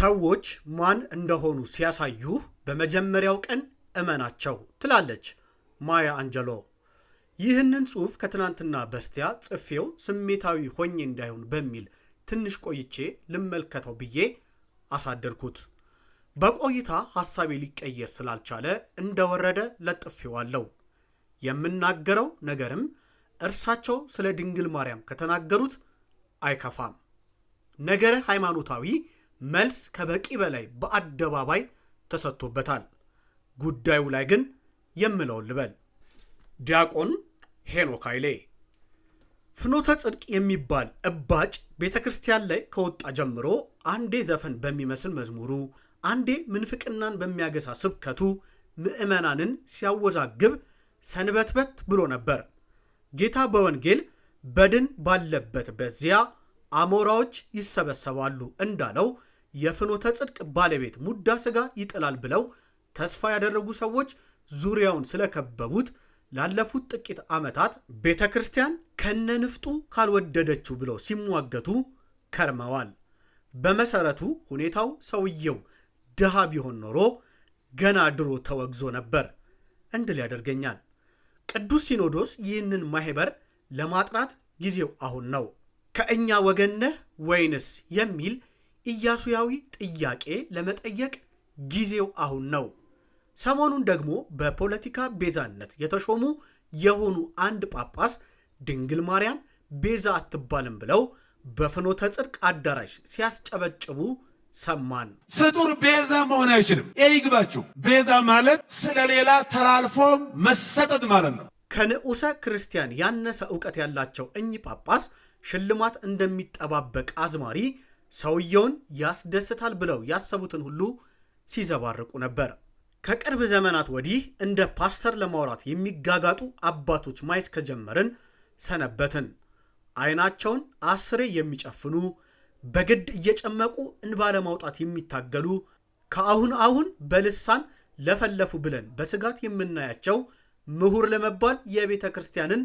ሰዎች ማን እንደሆኑ ሲያሳዩ በመጀመሪያው ቀን እመናቸው ትላለች ማያ አንጀሎ። ይህንን ጽሑፍ ከትናንትና በስቲያ ጽፌው ስሜታዊ ሆኜ እንዳይሆን በሚል ትንሽ ቆይቼ ልመልከተው ብዬ አሳደርኩት። በቆይታ ሐሳቤ ሊቀየር ስላልቻለ እንደወረደ ለጥፌዋለሁ። የምናገረው ነገርም እርሳቸው ስለ ድንግል ማርያም ከተናገሩት አይከፋም። ነገረ ሃይማኖታዊ መልስ ከበቂ በላይ በአደባባይ ተሰጥቶበታል። ጉዳዩ ላይ ግን የምለውን ልበል። ዲያቆን ሄኖክ ኃይሌ ፍኖተ ጽድቅ የሚባል እባጭ ቤተ ክርስቲያን ላይ ከወጣ ጀምሮ አንዴ ዘፈን በሚመስል መዝሙሩ፣ አንዴ ምንፍቅናን በሚያገሳ ስብከቱ ምዕመናንን ሲያወዛግብ ሰንበትበት ብሎ ነበር። ጌታ በወንጌል በድን ባለበት በዚያ አሞራዎች ይሰበሰባሉ እንዳለው የፍኖተ ጽድቅ ባለቤት ሙዳ ስጋ ይጥላል ብለው ተስፋ ያደረጉ ሰዎች ዙሪያውን ስለከበቡት ላለፉት ጥቂት ዓመታት ቤተ ክርስቲያን ከነ ንፍጡ ካልወደደችው ብለው ሲሟገቱ ከርመዋል። በመሰረቱ ሁኔታው ሰውየው ድሃ ቢሆን ኖሮ ገና ድሮ ተወግዞ ነበር እንድል ያደርገኛል። ቅዱስ ሲኖዶስ ይህንን ማኅበር ለማጥራት ጊዜው አሁን ነው። ከእኛ ወገን ነህ ወይንስ የሚል ኢያሱያዊ ጥያቄ ለመጠየቅ ጊዜው አሁን ነው። ሰሞኑን ደግሞ በፖለቲካ ቤዛነት የተሾሙ የሆኑ አንድ ጳጳስ ድንግል ማርያም ቤዛ አትባልም ብለው በፍኖተ ጽድቅ አዳራሽ ሲያስጨበጭቡ ሰማን። ፍጡር ቤዛ መሆን አይችልም። ይግባችሁ። ቤዛ ማለት ስለሌላ ተላልፎ መሰጠት ማለት ነው። ከንዑሰ ክርስቲያን ያነሰ እውቀት ያላቸው እኚህ ጳጳስ ሽልማት እንደሚጠባበቅ አዝማሪ ሰውየውን ያስደስታል ብለው ያሰቡትን ሁሉ ሲዘባርቁ ነበር። ከቅርብ ዘመናት ወዲህ እንደ ፓስተር ለማውራት የሚጋጋጡ አባቶች ማየት ከጀመርን ሰነበትን። አይናቸውን አስሬ የሚጨፍኑ በግድ እየጨመቁ እንባ ለማውጣት የሚታገሉ ከአሁን አሁን በልሳን ለፈለፉ ብለን በስጋት የምናያቸው ምሁር ለመባል የቤተ ክርስቲያንን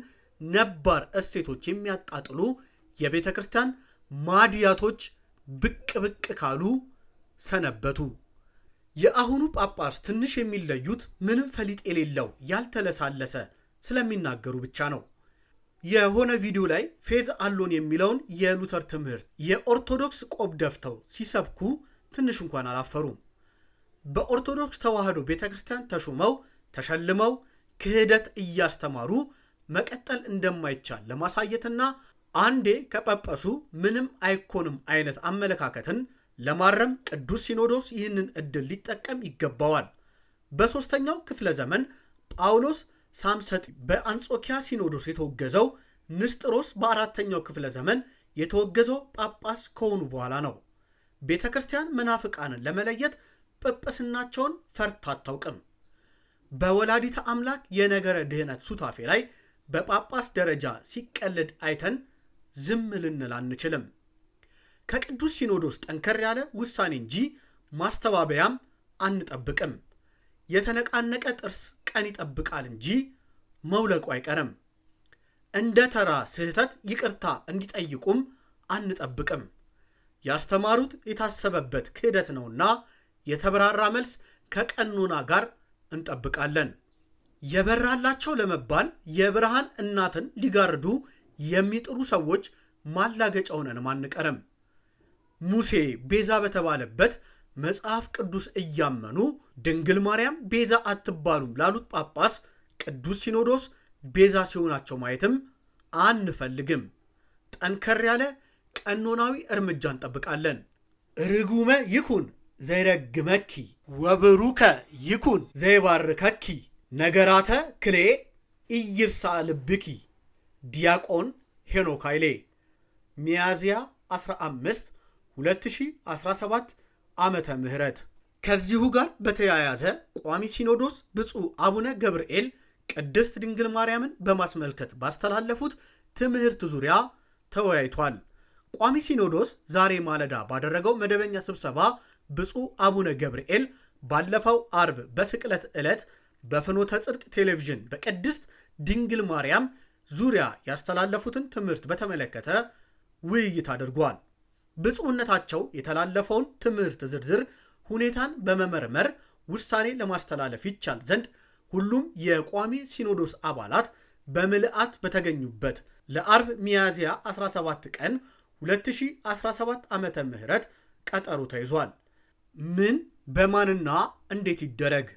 ነባር እሴቶች የሚያጣጥሉ የቤተ ክርስቲያን ማድያቶች ብቅ ብቅ ካሉ ሰነበቱ። የአሁኑ ጳጳስ ትንሽ የሚለዩት ምንም ፈሊጥ የሌለው ያልተለሳለሰ ስለሚናገሩ ብቻ ነው። የሆነ ቪዲዮ ላይ ፌዝ አሎን የሚለውን የሉተር ትምህርት የኦርቶዶክስ ቆብ ደፍተው ሲሰብኩ ትንሽ እንኳን አላፈሩም። በኦርቶዶክስ ተዋህዶ ቤተ ክርስቲያን ተሹመው ተሸልመው ክህደት እያስተማሩ መቀጠል እንደማይቻል ለማሳየትና አንዴ ከጳጳሱ ምንም አይኮንም አይነት አመለካከትን ለማረም ቅዱስ ሲኖዶስ ይህንን ዕድል ሊጠቀም ይገባዋል። በሦስተኛው ክፍለ ዘመን ጳውሎስ ሳምሰጢ በአንጾኪያ ሲኖዶስ የተወገዘው ንስጥሮስ በአራተኛው ክፍለ ዘመን የተወገዘው ጳጳስ ከሆኑ በኋላ ነው። ቤተ ክርስቲያን መናፍቃንን ለመለየት ጵጵስናቸውን ፈርታ አታውቅም። በወላዲተ አምላክ የነገረ ድህነት ሱታፌ ላይ በጳጳስ ደረጃ ሲቀልድ አይተን ዝም ልንል አንችልም። ከቅዱስ ሲኖዶስ ጠንከር ያለ ውሳኔ እንጂ ማስተባበያም አንጠብቅም። የተነቃነቀ ጥርስ ቀን ይጠብቃል እንጂ መውለቁ አይቀርም። እንደ ተራ ስህተት ይቅርታ እንዲጠይቁም አንጠብቅም። ያስተማሩት የታሰበበት ክህደት ነውና የተብራራ መልስ ከቀኖና ጋር እንጠብቃለን። የበራላቸው ለመባል የብርሃን እናትን ሊጋርዱ የሚጥሩ ሰዎች ማላገጫ ሆነንም አንቀርም። ሙሴ ቤዛ በተባለበት መጽሐፍ ቅዱስ እያመኑ ድንግል ማርያም ቤዛ አትባሉም ላሉት ጳጳስ ቅዱስ ሲኖዶስ ቤዛ ሲሆናቸው ማየትም አንፈልግም። ጠንከር ያለ ቀኖናዊ እርምጃ እንጠብቃለን። ርጉመ ይኩን ዘይረግመኪ ወብሩከ ይኩን ዘይባርከኪ ነገራተ ክሌ እይርሳ ልብኪ ዲያቆን ሄኖክ ኃይሌ ሚያዝያ 15 2017 ዓመተ ምህረት ከዚሁ ጋር በተያያዘ ቋሚ ሲኖዶስ ብፁዕ አቡነ ገብርኤል ቅድስት ድንግል ማርያምን በማስመልከት ባስተላለፉት ትምህርት ዙሪያ ተወያይቷል። ቋሚ ሲኖዶስ ዛሬ ማለዳ ባደረገው መደበኛ ስብሰባ ብፁዕ አቡነ ገብርኤል ባለፈው አርብ በስቅለት ዕለት በፍኖተ ጽድቅ ቴሌቪዥን በቅድስት ድንግል ማርያም ዙሪያ ያስተላለፉትን ትምህርት በተመለከተ ውይይት አድርጓል። ብፁዕነታቸው የተላለፈውን ትምህርት ዝርዝር ሁኔታን በመመርመር ውሳኔ ለማስተላለፍ ይቻል ዘንድ ሁሉም የቋሚ ሲኖዶስ አባላት በምልአት በተገኙበት ለአርብ ሚያዝያ 17 ቀን 2017 ዓ ም ቀጠሮ ተይዟል። ምን በማንና እንዴት ይደረግ?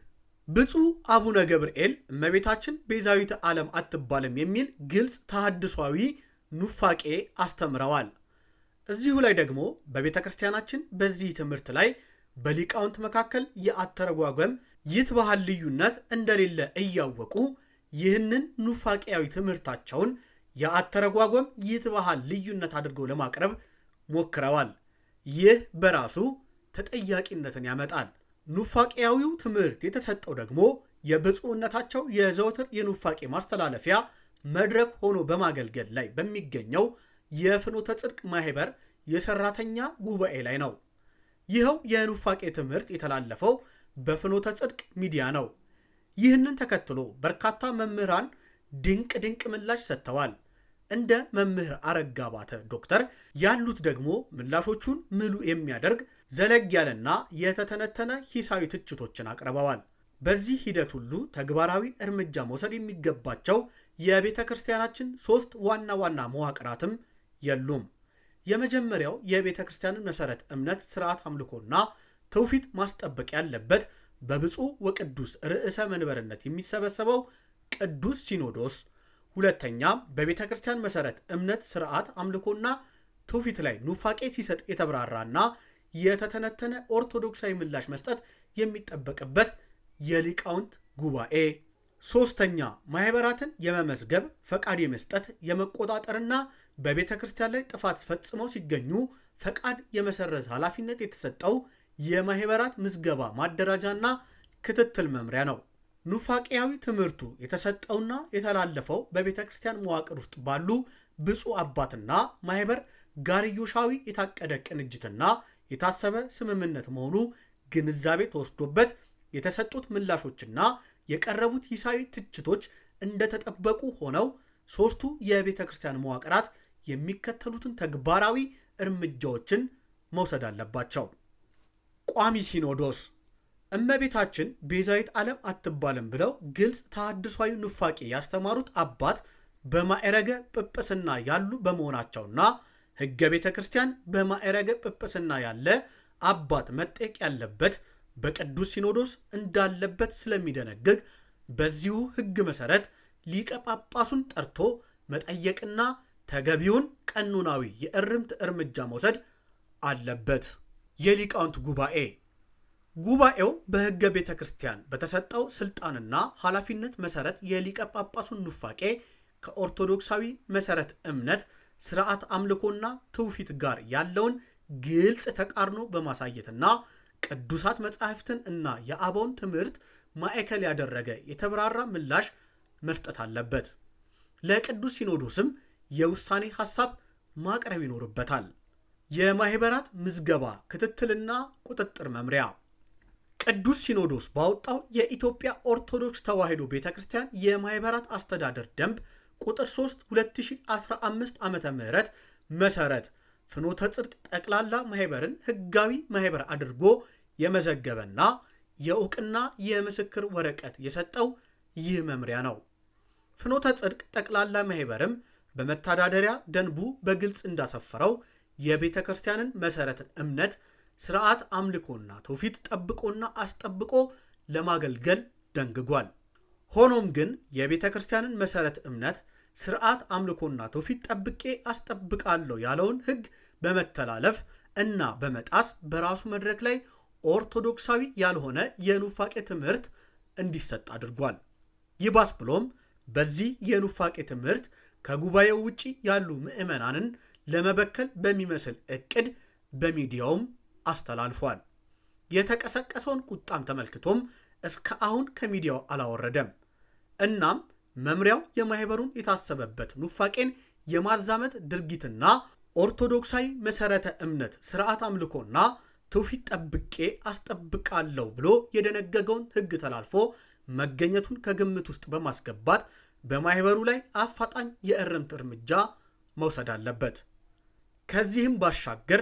ብፁዕ አቡነ ገብርኤል እመቤታችን ቤዛዊተ ዓለም አትባልም የሚል ግልጽ ተሃድሷዊ ኑፋቄ አስተምረዋል። እዚሁ ላይ ደግሞ በቤተ ክርስቲያናችን በዚህ ትምህርት ላይ በሊቃውንት መካከል የአተረጓጓም ባህል ልዩነት እንደሌለ እያወቁ ይህንን ኑፋቄያዊ ትምህርታቸውን የአተረጓጓም ባህል ልዩነት አድርገው ለማቅረብ ሞክረዋል። ይህ በራሱ ተጠያቂነትን ያመጣል። ኑፋቄያዊው ትምህርት የተሰጠው ደግሞ የብፁዕነታቸው የዘወትር የኑፋቄ ማስተላለፊያ መድረክ ሆኖ በማገልገል ላይ በሚገኘው የፍኖተ ጽድቅ ማህበር የሰራተኛ ጉባኤ ላይ ነው። ይኸው የኑፋቄ ትምህርት የተላለፈው በፍኖተ ጽድቅ ሚዲያ ነው። ይህንን ተከትሎ በርካታ መምህራን ድንቅ ድንቅ ምላሽ ሰጥተዋል። እንደ መምህር አረጋ ባተ ዶክተር ያሉት ደግሞ ምላሾቹን ምሉ የሚያደርግ ዘለግ ያለና የተተነተነ ሂሳዊ ትችቶችን አቅርበዋል። በዚህ ሂደት ሁሉ ተግባራዊ እርምጃ መውሰድ የሚገባቸው የቤተ ክርስቲያናችን ሶስት ዋና ዋና መዋቅራትም የሉም። የመጀመሪያው የቤተ ክርስቲያንን መሠረት እምነት፣ ስርዓት፣ አምልኮና ትውፊት ማስጠበቅ ያለበት በብፁዕ ወቅዱስ ርዕሰ መንበርነት የሚሰበሰበው ቅዱስ ሲኖዶስ። ሁለተኛ በቤተ ክርስቲያን መሠረት እምነት፣ ስርዓት፣ አምልኮና ትውፊት ላይ ኑፋቄ ሲሰጥ የተብራራና የተተነተነ ኦርቶዶክሳዊ ምላሽ መስጠት የሚጠበቅበት የሊቃውንት ጉባኤ ሶስተኛ ማህበራትን የመመዝገብ ፈቃድ የመስጠት የመቆጣጠርና በቤተ ክርስቲያን ላይ ጥፋት ፈጽመው ሲገኙ ፈቃድ የመሰረዝ ኃላፊነት የተሰጠው የማህበራት ምዝገባ ማደራጃና ክትትል መምሪያ ነው። ኑፋቄያዊ ትምህርቱ የተሰጠውና የተላለፈው በቤተ ክርስቲያን መዋቅር ውስጥ ባሉ ብፁዕ አባትና ማህበር ጋርዮሻዊ የታቀደ ቅንጅትና የታሰበ ስምምነት መሆኑ ግንዛቤ ተወስዶበት የተሰጡት ምላሾችና የቀረቡት ሂሳዊ ትችቶች እንደተጠበቁ ሆነው ሦስቱ የቤተ ክርስቲያን መዋቅራት የሚከተሉትን ተግባራዊ እርምጃዎችን መውሰድ አለባቸው። ቋሚ ሲኖዶስ እመቤታችን ቤዛዊት ዓለም አትባልም ብለው ግልጽ ተሐድሷዊ ኑፋቄ ያስተማሩት አባት በማዕረገ ጵጵስና ያሉ በመሆናቸውና ሕገ ቤተ ክርስቲያን በማዕረገ ጵጵስና ያለ አባት መጠየቅ ያለበት በቅዱስ ሲኖዶስ እንዳለበት ስለሚደነግግ በዚሁ ሕግ መሠረት ሊቀ ጳጳሱን ጠርቶ መጠየቅና ተገቢውን ቀኖናዊ የእርምት እርምጃ መውሰድ አለበት። የሊቃውንት ጉባኤ ጉባኤው በሕገ ቤተ ክርስቲያን በተሰጠው ስልጣንና ኃላፊነት መሠረት የሊቀ ጳጳሱን ኑፋቄ ከኦርቶዶክሳዊ መሠረት እምነት ስርዓት አምልኮና ትውፊት ጋር ያለውን ግልጽ ተቃርኖ በማሳየትና ቅዱሳት መጻሕፍትን እና የአበውን ትምህርት ማዕከል ያደረገ የተብራራ ምላሽ መስጠት አለበት። ለቅዱስ ሲኖዶስም የውሳኔ ሐሳብ ማቅረብ ይኖርበታል። የማኅበራት ምዝገባ ክትትልና ቁጥጥር መምሪያ ቅዱስ ሲኖዶስ ባወጣው የኢትዮጵያ ኦርቶዶክስ ተዋሕዶ ቤተ ክርስቲያን የማኅበራት አስተዳደር ደንብ ቁጥር 3 2015 ዓ ም መሰረት ፍኖተ ጽድቅ ጠቅላላ ማኅበርን ህጋዊ ማኅበር አድርጎ የመዘገበና የእውቅና የምስክር ወረቀት የሰጠው ይህ መምሪያ ነው። ፍኖተ ጽድቅ ጠቅላላ ማኅበርም በመተዳደሪያ ደንቡ በግልጽ እንዳሰፈረው የቤተ ክርስቲያንን መሠረትን እምነት፣ ስርዓት አምልኮና ትውፊት ጠብቆና አስጠብቆ ለማገልገል ደንግጓል። ሆኖም ግን የቤተ ክርስቲያንን መሠረት እምነት፣ ስርዓት፣ አምልኮና ትውፊት ጠብቄ አስጠብቃለሁ ያለውን ሕግ በመተላለፍ እና በመጣስ በራሱ መድረክ ላይ ኦርቶዶክሳዊ ያልሆነ የኑፋቄ ትምህርት እንዲሰጥ አድርጓል። ይባስ ብሎም በዚህ የኑፋቄ ትምህርት ከጉባኤው ውጪ ያሉ ምዕመናንን ለመበከል በሚመስል እቅድ በሚዲያውም አስተላልፏል። የተቀሰቀሰውን ቁጣም ተመልክቶም እስከ አሁን ከሚዲያው አላወረደም። እናም መምሪያው የማህበሩን የታሰበበት ኑፋቄን የማዛመት ድርጊትና ኦርቶዶክሳዊ መሰረተ እምነት ስርዓት አምልኮና ትውፊት ጠብቄ አስጠብቃለሁ ብሎ የደነገገውን ህግ ተላልፎ መገኘቱን ከግምት ውስጥ በማስገባት በማህበሩ ላይ አፋጣኝ የእርምት እርምጃ መውሰድ አለበት። ከዚህም ባሻገር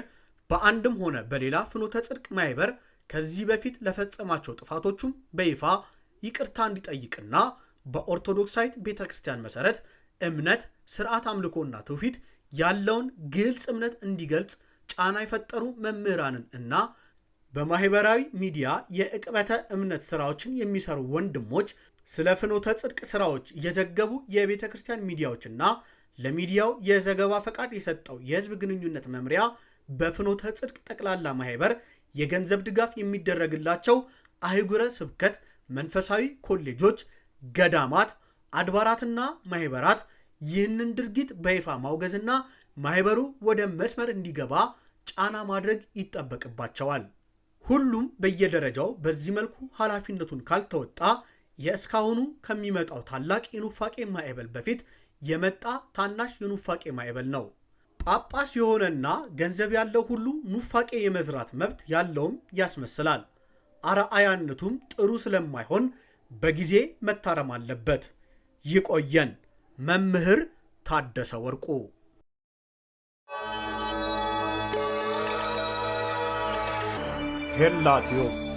በአንድም ሆነ በሌላ ፍኖተ ጽድቅ ማህበር ከዚህ በፊት ለፈጸማቸው ጥፋቶቹም በይፋ ይቅርታ እንዲጠይቅና በኦርቶዶክሳዊት ቤተ ክርስቲያን መሰረት እምነት፣ ስርዓት፣ አምልኮና ትውፊት ያለውን ግልጽ እምነት እንዲገልጽ ጫና የፈጠሩ መምህራንን እና በማህበራዊ ሚዲያ የእቅበተ እምነት ስራዎችን የሚሰሩ ወንድሞች ስለ ፍኖተ ጽድቅ ስራዎች እየዘገቡ የቤተ ክርስቲያን ሚዲያዎችና ለሚዲያው የዘገባ ፈቃድ የሰጠው የህዝብ ግንኙነት መምሪያ በፍኖተ ጽድቅ ጠቅላላ ማህበር የገንዘብ ድጋፍ የሚደረግላቸው አህጉረ ስብከት መንፈሳዊ ኮሌጆች ገዳማት፣ አድባራትና ማህበራት ይህንን ድርጊት በይፋ ማውገዝና ማህበሩ ወደ መስመር እንዲገባ ጫና ማድረግ ይጠበቅባቸዋል። ሁሉም በየደረጃው በዚህ መልኩ ኃላፊነቱን ካልተወጣ የእስካሁኑ ከሚመጣው ታላቅ የኑፋቄ ማዕበል በፊት የመጣ ታናሽ የኑፋቄ ማዕበል ነው። ጳጳስ የሆነና ገንዘብ ያለው ሁሉ ኑፋቄ የመዝራት መብት ያለውም ያስመስላል። አረአያነቱም ጥሩ ስለማይሆን በጊዜ መታረም አለበት። ይቆየን። መምህር ታደሰ ወርቁ ሄላቲዮ